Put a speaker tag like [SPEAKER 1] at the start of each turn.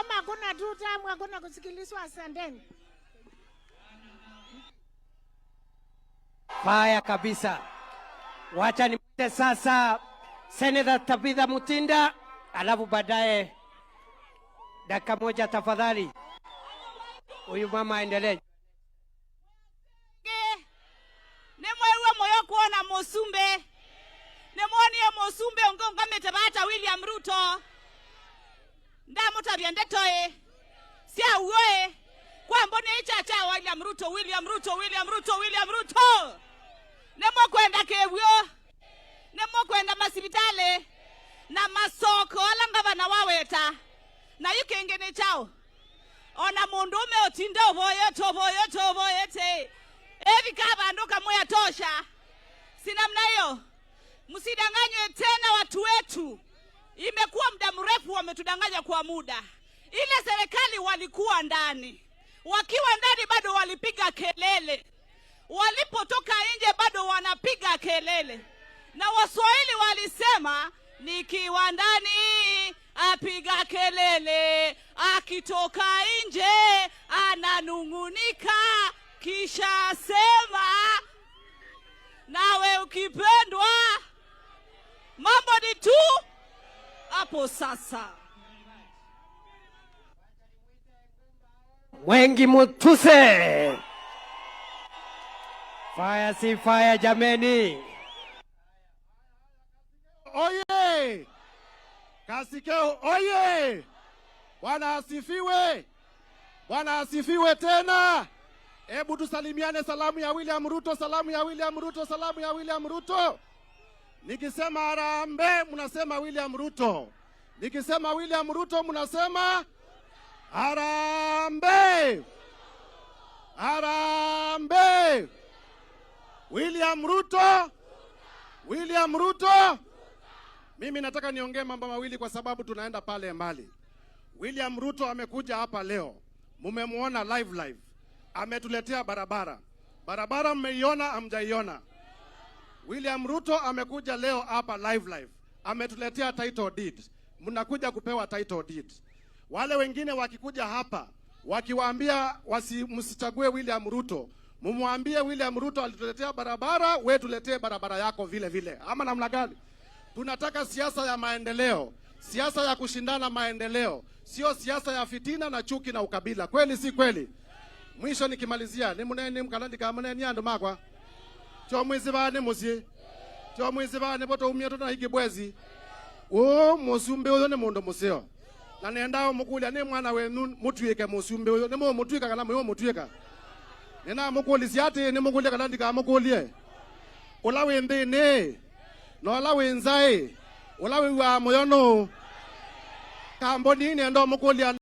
[SPEAKER 1] Kama hakuna two term hakuna kusikilizwa. Asanteni.
[SPEAKER 2] Haya kabisa, wacha nimte sasa Senator Tabitha Mutinda, alafu baadaye dakika moja tafadhali, huyu mama aendelee.
[SPEAKER 1] nemweiwe moyo kuona musumbe nemwonie musumbe ungongamete bata William Ruto nda mutavyendetoe syauwe kwambone ichacha William Ruto William Ruto William Ruto William Ruto nemokwenda kevyo nemokwenda masivitale na masoko ala ngavana waweta na ikengene chao ona mundu ume otinde uvoyote uvoyote evi evika vandu kamoya tosha sinamna hiyo msidanganywe tena watu wetu Imekuwa muda mrefu wametudanganya kwa muda. Ile serikali walikuwa ndani, wakiwa ndani bado walipiga kelele, walipotoka nje bado wanapiga kelele, na Waswahili walisema nikiwa ndani apiga kelele, akitoka nje ananung'unika, kisha sema nawe ukipendwa. Mambo ni tu hapo sasa.
[SPEAKER 2] Mwengi Mutuse, faya si faya jameni,
[SPEAKER 3] oye! Kasikeo oye! Bwana asifiwe, Bwana asifiwe tena. Hebu tusalimiane, salamu ya William Ruto, salamu ya William Ruto, salamu ya William Ruto. Nikisema harambee, mnasema William Ruto. Nikisema William Ruto mnasema arambe, arambe. William Ruto, William Ruto. Mimi nataka niongee mambo mawili kwa sababu tunaenda pale mbali. William Ruto amekuja hapa leo, mmemwona live live, ametuletea barabara. Barabara mmeiona, amjaiona? William Ruto amekuja leo hapa live live, ametuletea title deed mnakuja kupewa title deed. Wale wengine wakikuja hapa wakiwaambia wasimsichague William Ruto, mumwambie William Ruto alituletea barabara, we tuletee barabara yako vile vile, ama namna gani? Tunataka siasa ya maendeleo, siasa ya kushindana maendeleo, sio siasa ya fitina na chuki na ukabila. Kweli si kweli? Mwisho nikimalizia ni mneni nimuneni mneni munenyando makwa chomwizi chomwizi bani chomwizivane musye chomwizivane votoumia tona higibwezi uu musumbi uyu nĩ mundu museo na nendaa umukulia nĩ mwana wenu mutuike musumbi uyu ni mumutuika kana mwiumutuika ninamukulisya ati nimukulie kana ndikamukulie ula wi nthini na ula wi nzai ula wiwaa muyo nu kambuni nenda umukulia